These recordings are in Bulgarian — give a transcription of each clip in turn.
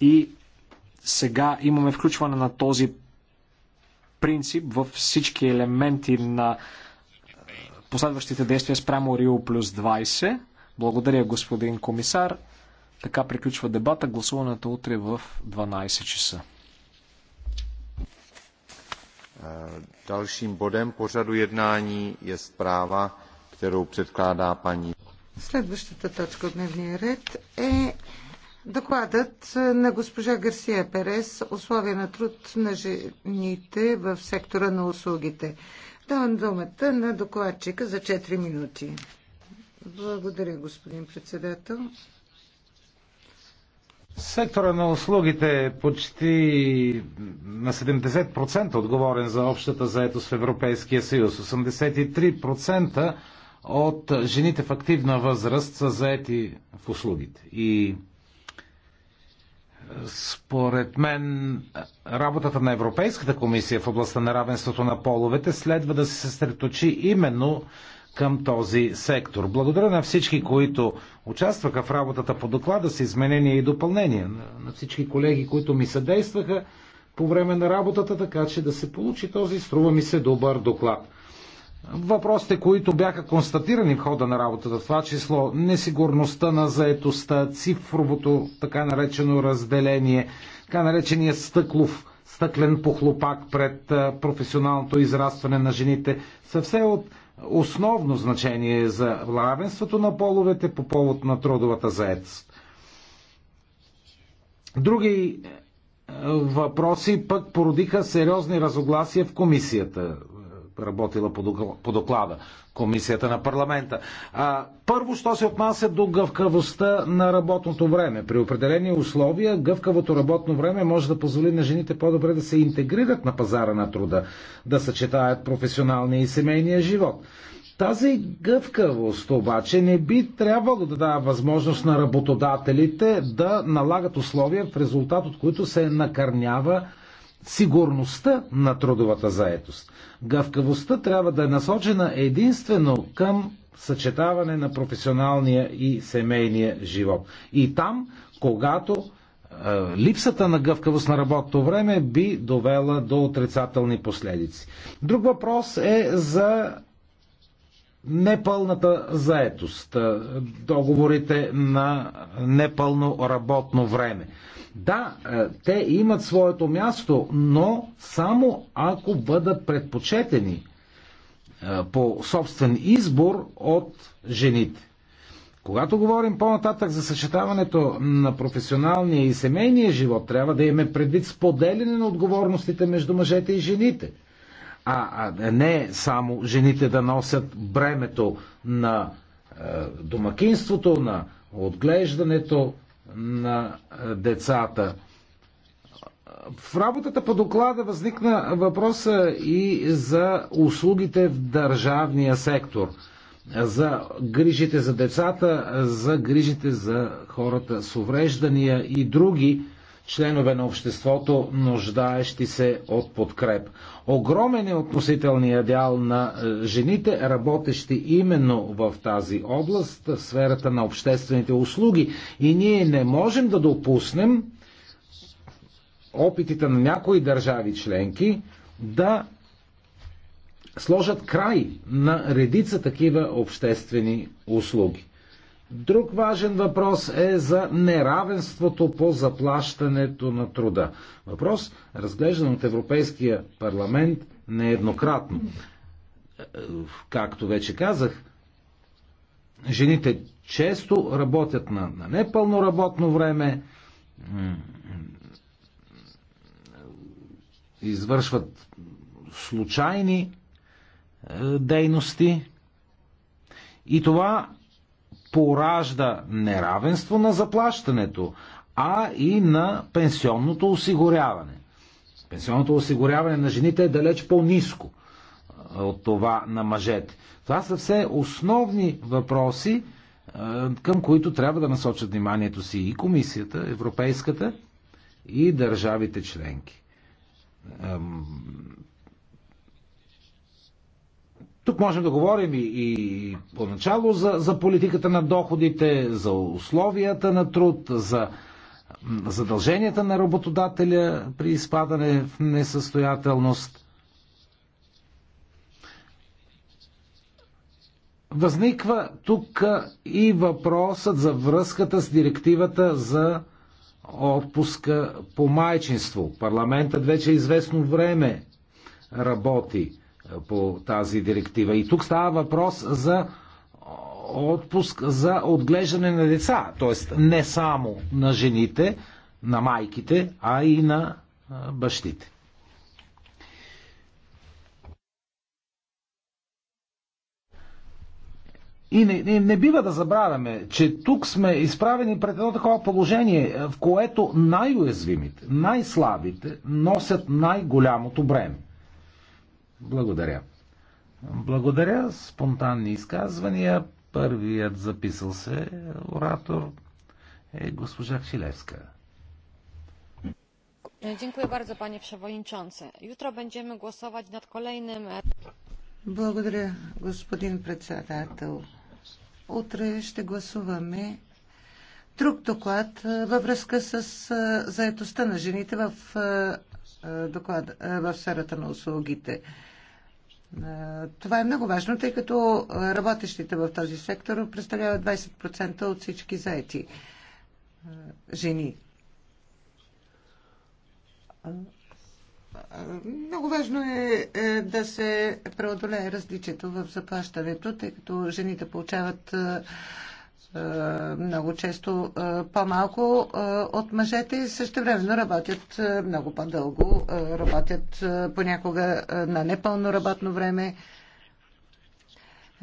И сега имаме включване на този принцип във всички елементи на последващите действия спрямо Рио плюс 20. Благодаря, господин комисар. Така приключва дебата. Гласуването утре в 12 часа. Dalším bodem pořadu jednání je zpráva, kterou předkládá paní. Следващата точка от дневния ред е Докладът на госпожа Гарсия Перес Условия на труд на жените в сектора на услугите. Давам думата на докладчика за 4 минути. Благодаря, господин председател. Сектора на услугите е почти на 70% отговорен за общата заетост в Европейския съюз. 83% от жените в активна възраст са заети в услугите. И според мен работата на Европейската комисия в областта на равенството на половете следва да се съсредоточи именно към този сектор. Благодаря на всички, които участваха в работата по доклада с изменения и допълнения, на всички колеги, които ми съдействаха по време на работата, така че да се получи този, струва ми се, добър доклад. Въпросите, които бяха констатирани в хода на работата, това число несигурността на заетостта, цифровото така наречено разделение, така наречения стъклов, стъклен похлопак пред професионалното израстване на жените, са все от основно значение за равенството на половете по повод на трудовата заетост. Други въпроси пък породиха сериозни разогласия в комисията работила по доклада Комисията на парламента. А, първо, що се отнася до гъвкавостта на работното време. При определени условия гъвкавото работно време може да позволи на жените по-добре да се интегрират на пазара на труда, да съчетаят професионалния и семейния живот. Тази гъвкавост обаче не би трябвало да дава възможност на работодателите да налагат условия, в резултат от които се накърнява сигурността на трудовата заетост. Гъвкавостта трябва да е насочена единствено към съчетаване на професионалния и семейния живот. И там, когато е, липсата на гъвкавост на работното време би довела до отрицателни последици. Друг въпрос е за непълната заетост, договорите на непълно работно време. Да, те имат своето място, но само ако бъдат предпочетени по собствен избор от жените. Когато говорим по-нататък за съчетаването на професионалния и семейния живот, трябва да имаме предвид споделяне на отговорностите между мъжете и жените – а не само жените да носят бремето на е, домакинството, на отглеждането на е, децата. В работата по доклада възникна въпроса и за услугите в държавния сектор, за грижите за децата, за грижите за хората с увреждания и други членове на обществото, нуждаещи се от подкреп. Огромен е относителният дял на е, жените, работещи именно в тази област, в сферата на обществените услуги. И ние не можем да допуснем опитите на някои държави членки да сложат край на редица такива обществени услуги. Друг важен въпрос е за неравенството по заплащането на труда. Въпрос, разглеждан от Европейския парламент нееднократно. Както вече казах, жените често работят на, на непълно работно време, извършват случайни е, дейности и това поражда неравенство на заплащането, а и на пенсионното осигуряване. Пенсионното осигуряване на жените е далеч по-низко от това на мъжете. Това са все основни въпроси, към които трябва да насочат вниманието си и комисията, европейската, и държавите членки. Тук можем да говорим и, и поначало за, за политиката на доходите, за условията на труд, за задълженията на работодателя при изпадане в несъстоятелност. Възниква тук и въпросът за връзката с директивата за отпуска по майчинство. Парламентът вече известно време работи по тази директива. И тук става въпрос за отпуск за отглеждане на деца, т.е. не само на жените, на майките, а и на бащите. И не, не, не бива да забравяме, че тук сме изправени пред едно такова положение, в което най-уязвимите, най-слабите носят най-голямото бреме. Благодаря. Благодаря. Спонтанни изказвания. Първият записал се оратор е госпожа Хилевска. Dziękuję bardzo, panie przewodniczący. Jutro będziemy głosować nad kolejnym. Благодаря, господин председател. Утре ще гласуваме друг доклад във връзка с заетостта на жените в доклад, в сферата на услугите. Това е много важно, тъй като работещите в този сектор представляват 20% от всички заети жени. Много важно е, е да се преодолее различието в заплащането, тъй като жените получават е, много често е, по-малко е, от мъжете и също времено работят много по-дълго, работят понякога на непълно работно време.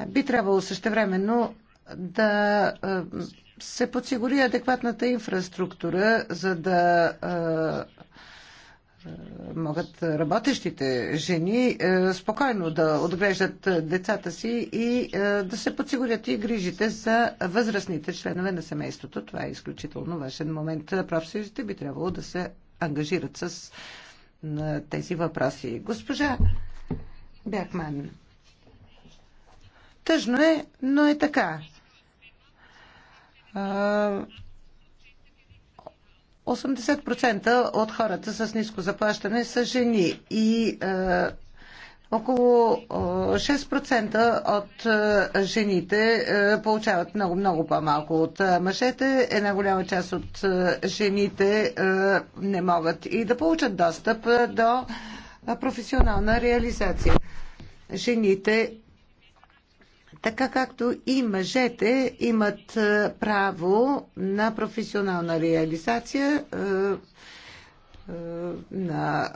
Би трябвало също времено да се подсигури адекватната инфраструктура, за да могат работещите жени е, спокойно да отглеждат децата си и е, да се подсигурят и грижите за възрастните членове на семейството. Това е изключително важен момент. Профсъюзите би трябвало да се ангажират с е, тези въпроси. Госпожа Бяхман, тъжно е, но е така 80% от хората с ниско заплащане са жени и е, около 6% е, от е, жените е, получават много, много по-малко от мъжете. Една голяма част от жените не могат и да получат достъп до професионална реализация. Жените така както и мъжете имат е, право на професионална реализация, е, е, на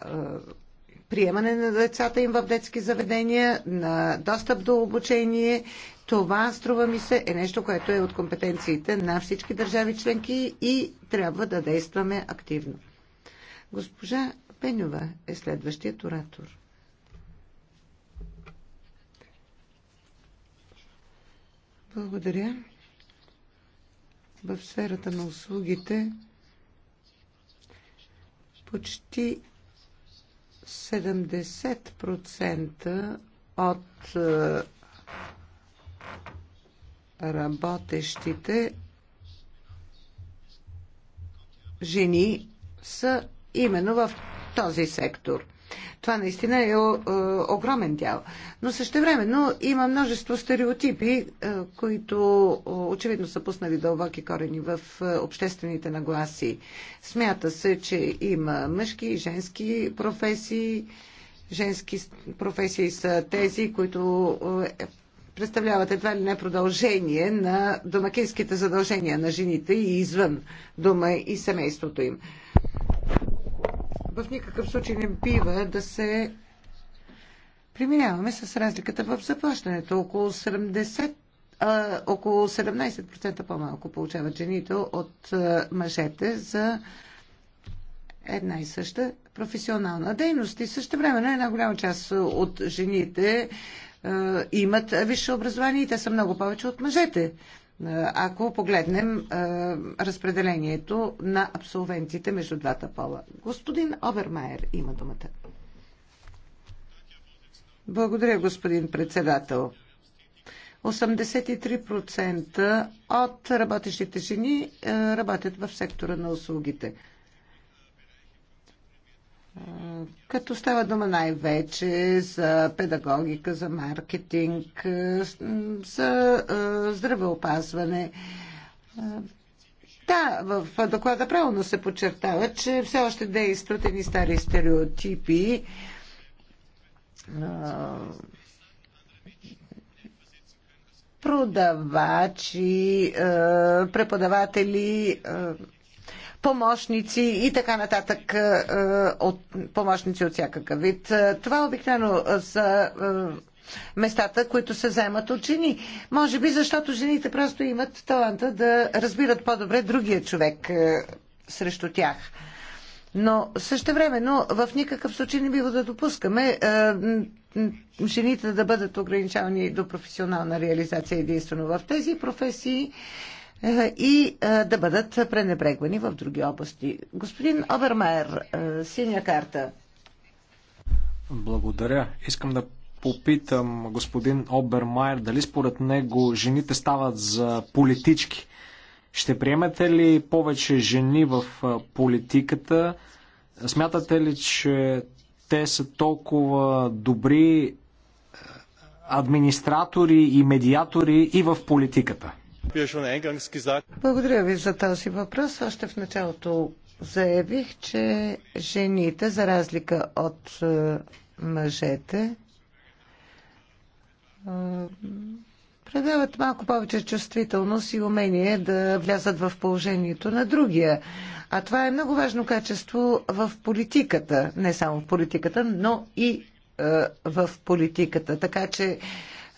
приемане на децата им в детски заведения, на достъп до обучение. Това, струва ми се, е нещо, което е от компетенциите на всички държави членки и трябва да действаме активно. Госпожа Пенюва е следващият оратор. Благодаря. В сферата на услугите почти 70% от е, работещите жени са именно в този сектор – това наистина е, е огромен дял. Но същевременно има множество стереотипи, е, които очевидно са пуснали дълбоки корени в е, обществените нагласи. Смята се, че има мъжки и женски професии. Женски професии са тези, които представляват едва ли не продължение на домакинските задължения на жените и извън дома и семейството им в никакъв случай не бива да се преминаваме с разликата в заплащането. Около 70 а, около 17% по-малко получават жените от а, мъжете за една и съща професионална дейност. И също време една голяма част от жените а, имат висше образование и те са много повече от мъжете ако погледнем разпределението на абсолвентите между двата пола. Господин Обермайер има думата. Благодаря, господин председател. 83% от работещите жени работят в сектора на услугите като става дума най-вече за педагогика, за маркетинг, е, за е, здравеопазване. Е, да, в доклада правилно се подчертава, че все още действат едни стари стереотипи. Продавачи, преподаватели, помощници и така нататък, е, е, от, помощници от всякакъв вид. Е, това обикновено са местата, които се заемат от жени. Може би защото жените просто имат таланта да разбират по-добре другия човек срещу тях. Но също времено в никакъв случай не бива да допускаме жените да бъдат ограничавани до професионална реализация единствено. В тези професии е, и е, да бъдат пренебрегвани в други области. Господин Обермайер, е, синя карта. Благодаря. Искам да попитам господин Обермайер дали според него жените стават за политички. Ще приемете ли повече жени в политиката? Смятате ли, че те са толкова добри администратори и медиатори и в политиката? Благодаря ви за този въпрос. Още в началото заявих, че жените, за разлика от е, мъжете, е, предават малко повече чувствителност и умение да влязат в положението на другия. А това е много важно качество в политиката, не само в политиката, но и е, в политиката. Така че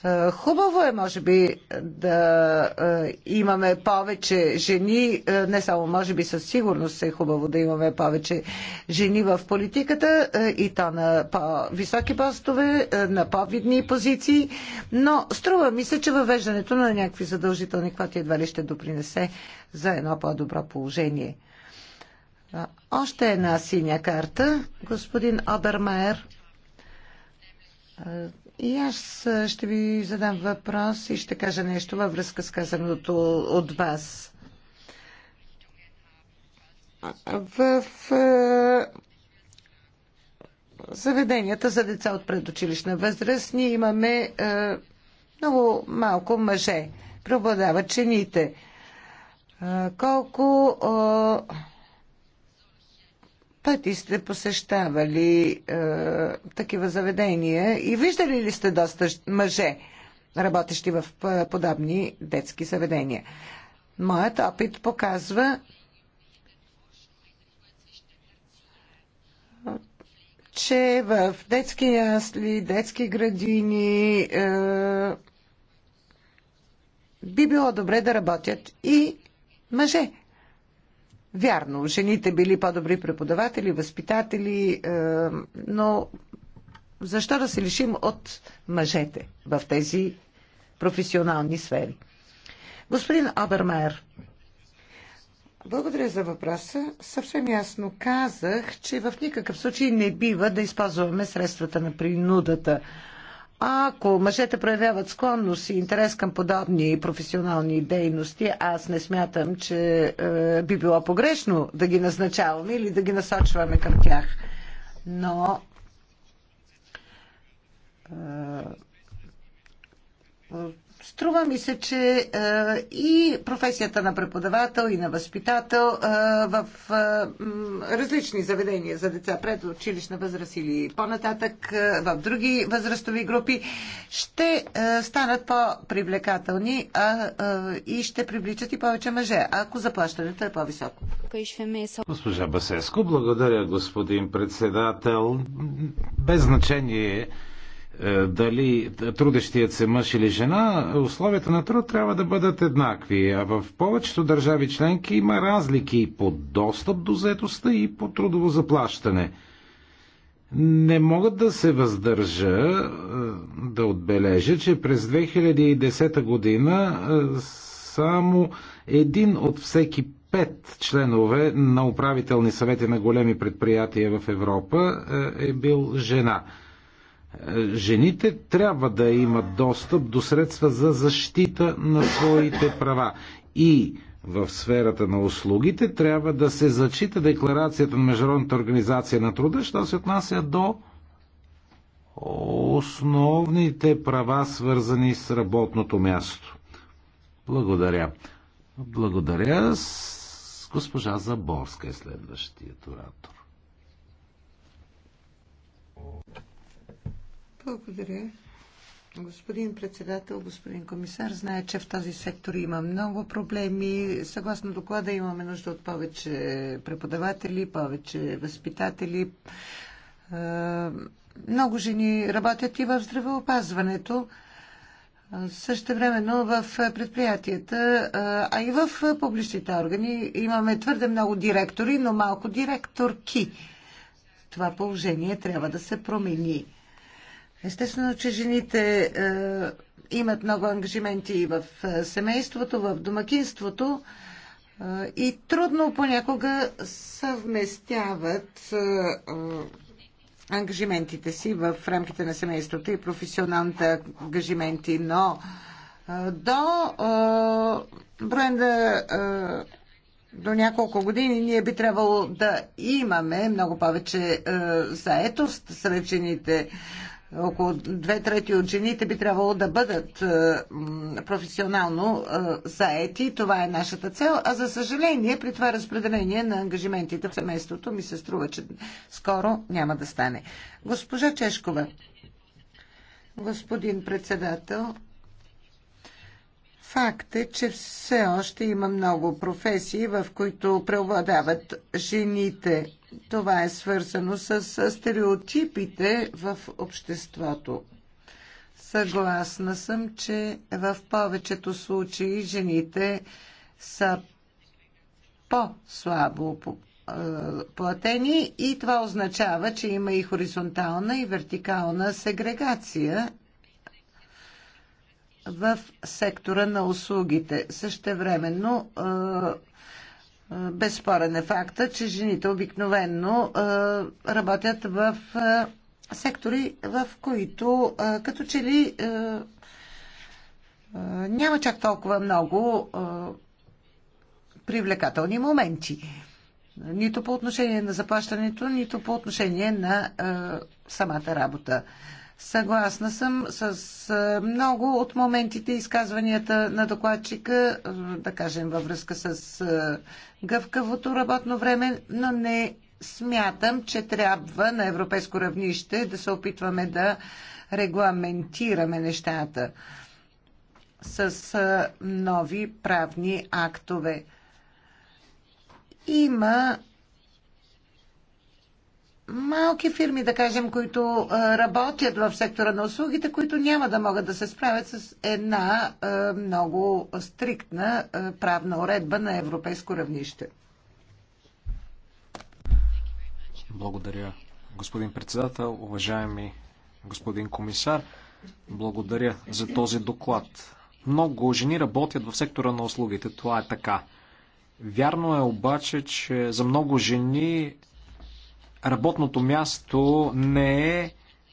е, хубаво е, може би, да е, имаме повече жени, е, не само може би, със сигурност е хубаво да имаме повече жени в политиката и то на по-високи постове, на по-видни позиции, но струва ми се, че въвеждането на някакви задължителни квоти едва ли ще допринесе за едно по-добро положение. Още една синя карта, господин Обермайер. И аз ще ви задам въпрос и ще кажа нещо във връзка с казаното от вас. В заведенията за деца от предучилищна възраст ние имаме много малко мъже. Преобладават чините. Колко пъти сте посещавали е, такива заведения и виждали ли сте доста мъже, работещи в е, подобни детски заведения? Моят опит показва, че в детски ясли, детски градини е, би било добре да работят и мъже. Вярно, жените били по-добри преподаватели, възпитатели, е, но защо да се лишим от мъжете в тези професионални сфери? Господин Обермайер, благодаря за въпроса. Съвсем ясно казах, че в никакъв случай не бива да използваме средствата на принудата. Ако мъжете проявяват склонност и интерес към подобни професионални дейности, аз не смятам, че е, би било погрешно да ги назначаваме или да ги насочваме към тях. Но е, Струва ми се, че и професията на преподавател и на възпитател в различни заведения за деца пред училищна възраст или по-нататък в други възрастови групи ще станат по-привлекателни и ще привличат и повече мъже, ако заплащането е по-високо. Госпожа Басеско, благодаря господин председател. Без значение е, дали трудещият се мъж или жена, условията на труд трябва да бъдат еднакви. А в повечето държави членки има разлики и по достъп до заетостта и по трудово заплащане. Не мога да се въздържа е, да отбележа, че през 2010 година е, само един от всеки пет членове на управителни съвети на големи предприятия в Европа е бил жена – Жените трябва да имат достъп до средства за защита на своите права и в сферата на услугите трябва да се зачита декларацията на Международната организация на труда, що се отнася до основните права, свързани с работното място. Благодаря. Благодаря. С госпожа Заборска е следващият оратор. Благодаря. Господин председател, господин комисар, знае, че в този сектор има много проблеми. Съгласно доклада имаме нужда от повече преподаватели, повече възпитатели. Е, много жени работят и в здравеопазването. Е, Също времено в предприятията, е, а и в публичните органи имаме твърде много директори, но малко директорки. Това положение трябва да се промени. Естествено, че жените е, имат много ангажименти и в е, семейството, в домакинството е, и трудно понякога съвместяват е, е, ангажиментите си в рамките на семейството и професионалните ангажименти, но е, до е, бренда е, до няколко години ние би трябвало да имаме много повече е, заетост сред жените около две трети от жените би трябвало да бъдат е, професионално е, заети. Това е нашата цел. А за съжаление, при това разпределение на ангажиментите в семейството ми се струва, че скоро няма да стане. Госпожа Чешкова. Господин председател, Факт е, че все още има много професии, в които преобладават жените. Това е свързано с стереотипите в обществото. Съгласна съм, че в повечето случаи жените са по-слабо платени и това означава, че има и хоризонтална и вертикална сегрегация в сектора на услугите. Същевременно е, е, безспорен е факта, че жените обикновенно е, работят в сектори, в които като че ли няма чак толкова много привлекателни моменти. Нито по отношение на заплащането, нито по отношение на самата работа. Съгласна съм с много от моментите изказванията на докладчика, да кажем във връзка с гъвкавото работно време, но не смятам, че трябва на европейско равнище да се опитваме да регламентираме нещата с нови правни актове. Има малки фирми, да кажем, които работят в сектора на услугите, които няма да могат да се справят с една много стриктна правна уредба на европейско равнище. Благодаря, господин председател, уважаеми господин комисар. Благодаря за този доклад. Много жени работят в сектора на услугите. Това е така. Вярно е обаче, че за много жени работното място не е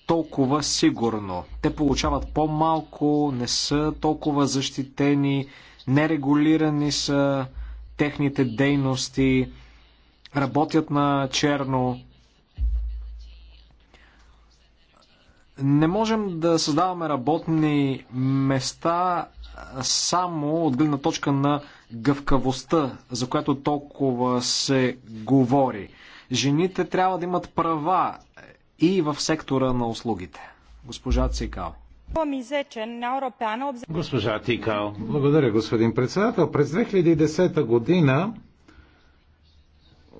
толкова сигурно. Те получават по-малко, не са толкова защитени, нерегулирани са техните дейности, работят на черно. Не можем да създаваме работни места само от гледна точка на гъвкавостта, за която толкова се говори. Жените трябва да имат права и в сектора на услугите. Госпожа Цикал. Госпожа Тикал, благодаря господин председател. През 2010 година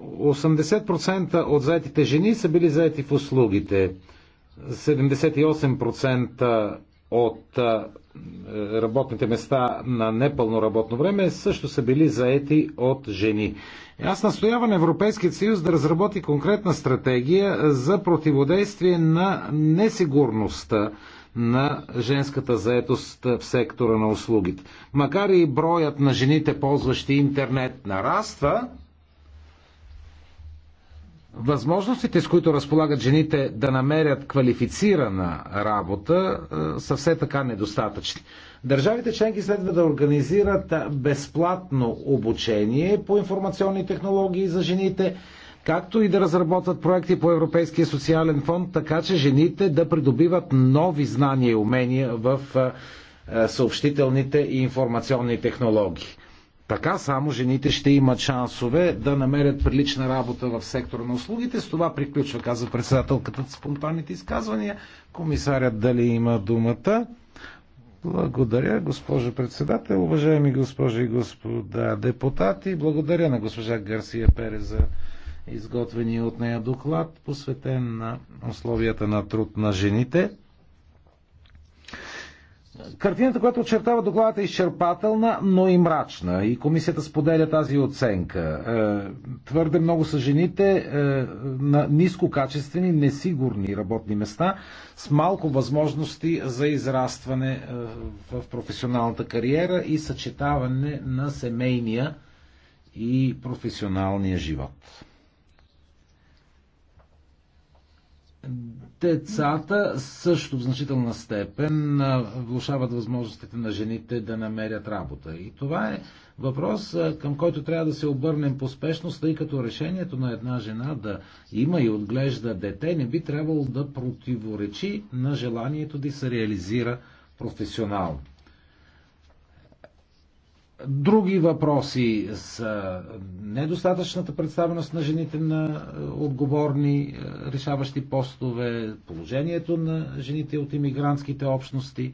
80% от заетите жени са били заети в услугите. 78% от е, работните места на непълно работно време също са били заети от жени. Аз настоявам Европейският съюз да разработи конкретна стратегия за противодействие на несигурността на женската заетост в сектора на услугите. Макар и броят на жените, ползващи интернет, нараства, Възможностите, с които разполагат жените да намерят квалифицирана работа, е, са все така недостатъчни. Държавите членки следва да организират безплатно обучение по информационни технологии за жените, както и да разработват проекти по Европейския социален фонд, така че жените да придобиват нови знания и умения в е, е, съобщителните и информационни технологии. Така само жените ще имат шансове да намерят прилична работа в сектора на услугите. С това приключва, каза председателката с спонтанните изказвания. Комисарят дали има думата? Благодаря, госпожо председател, уважаеми госпожи и господа депутати. Благодаря на госпожа Гарсия Пере за изготвения от нея доклад, посветен на условията на труд на жените. Картината, която очертава докладата е изчерпателна, но и мрачна. И комисията споделя тази оценка. Е, твърде много са жените е, на нискокачествени, несигурни работни места с малко възможности за израстване е, в професионалната кариера и съчетаване на семейния и професионалния живот. Децата също в значителна степен влушават възможностите на жените да намерят работа. И това е въпрос, към който трябва да се обърнем по спешност, тъй като решението на една жена да има и отглежда дете не би трябвало да противоречи на желанието да се реализира професионално. Други въпроси са недостатъчната представеност на жените на е, отговорни е, решаващи постове, положението на жените от иммигрантските общности.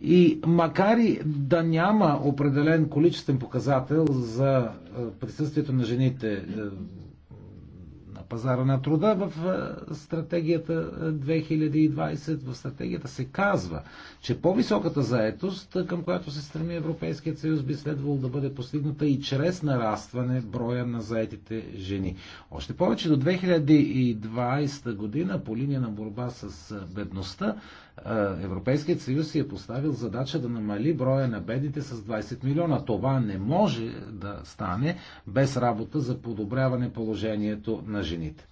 И макар и да няма определен количествен показател за е, присъствието на жените пазара на труда в е, стратегията 2020. Е, в стратегията се казва, че по-високата заетост, е, към която се стреми Европейският съюз, би следвало да бъде постигната и чрез нарастване броя на заетите жени. Още повече до 2020 година по линия на борба с бедността е, Европейският съюз си е поставил задача да намали броя на бедните с 20 милиона. Това не може да стане без работа за подобряване положението на жените.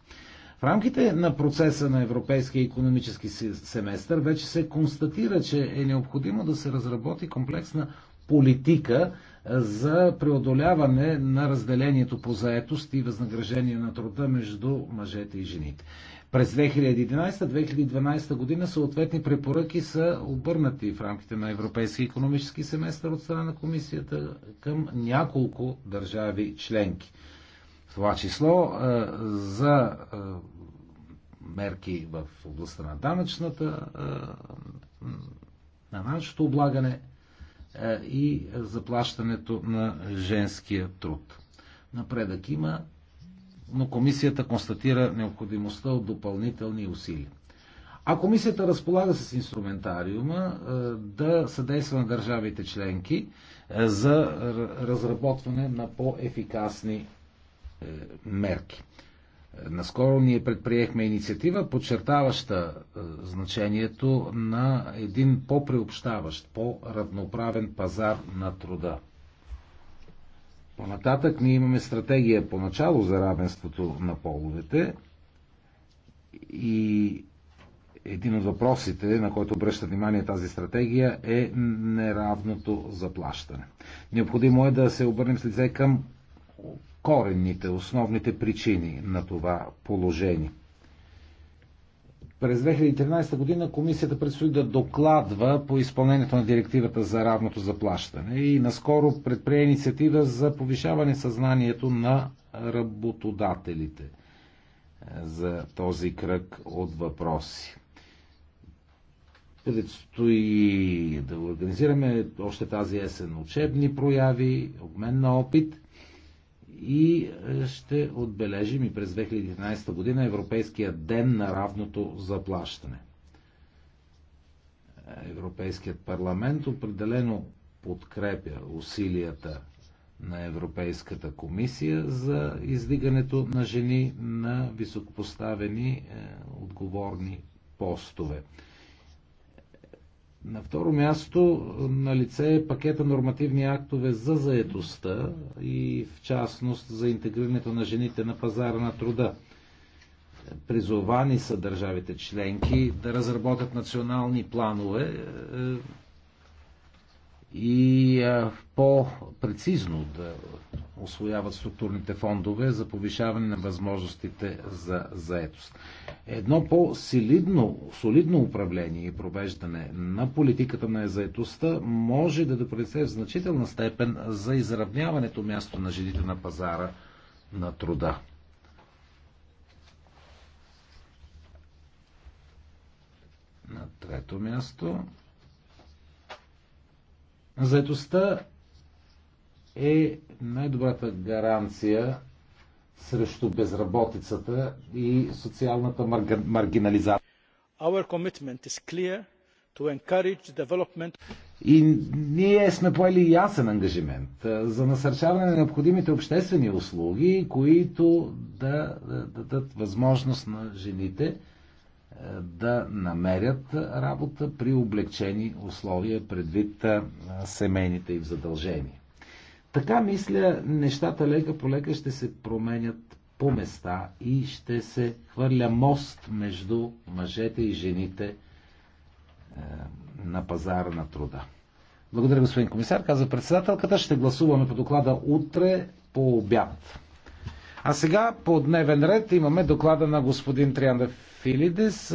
В рамките на процеса на Европейския економически семестър вече се констатира, че е необходимо да се разработи комплексна политика е, за преодоляване на разделението по заетост и възнаграждение на труда между мъжете и жените. През 2011-2012 година съответни препоръки са обърнати в рамките на Европейски економически семестър от страна на комисията към няколко държави членки. В това число е, за е, мерки в областта на данъчната, е, на данъчното облагане и заплащането на женския труд. Напредък има но комисията констатира необходимостта от допълнителни усилия. А комисията разполага с инструментариума е, да съдейства на държавите членки е, за разработване на по-ефикасни е, мерки. Наскоро ние предприехме инициатива, подчертаваща значението на един по-приобщаващ, по-равноправен пазар на труда. По-нататък ние имаме стратегия поначало за равенството на половете и един от въпросите, на който обръща внимание тази стратегия, е неравното заплащане. Необходимо е да се обърнем с лице към коренните, основните причини на това положение. През 2013 година комисията предстои да докладва по изпълнението на директивата за равното заплащане и наскоро предприе инициатива за повишаване съзнанието на работодателите е, за този кръг от въпроси. Предстои да организираме още тази есен учебни прояви, обмен на опит и е, ще отбележим и през 2011 година Европейския ден на равното заплащане. Европейският парламент определено подкрепя усилията на Европейската комисия за издигането на жени на високопоставени е, отговорни постове. На второ място на лице е пакета нормативни актове за заедостта и в частност за интегрирането на жените на пазара на труда. Призовани са държавите членки да разработят национални планове е, и по-прецизно да освояват структурните фондове за повишаване на възможностите за заетост. Едно по-солидно солидно управление и провеждане на политиката на заетостта може да допринесе в значителна степен за изравняването място на жените на пазара на труда. На трето място Заедостта е най-добрата гаранция срещу безработицата и социалната маргинализация. И ние сме поели ясен ангажимент за насърчаване на необходимите обществени услуги, които да дадат възможност на жените да намерят работа при облегчени условия предвид семейните им задължения. Така мисля, нещата лека по лека ще се променят по места и ще се хвърля мост между мъжете и жените е, на пазара на труда. Благодаря, господин комисар. Каза председателката. Ще гласуваме по доклада утре по обяд. А сега по дневен ред имаме доклада на господин Триандев Филидес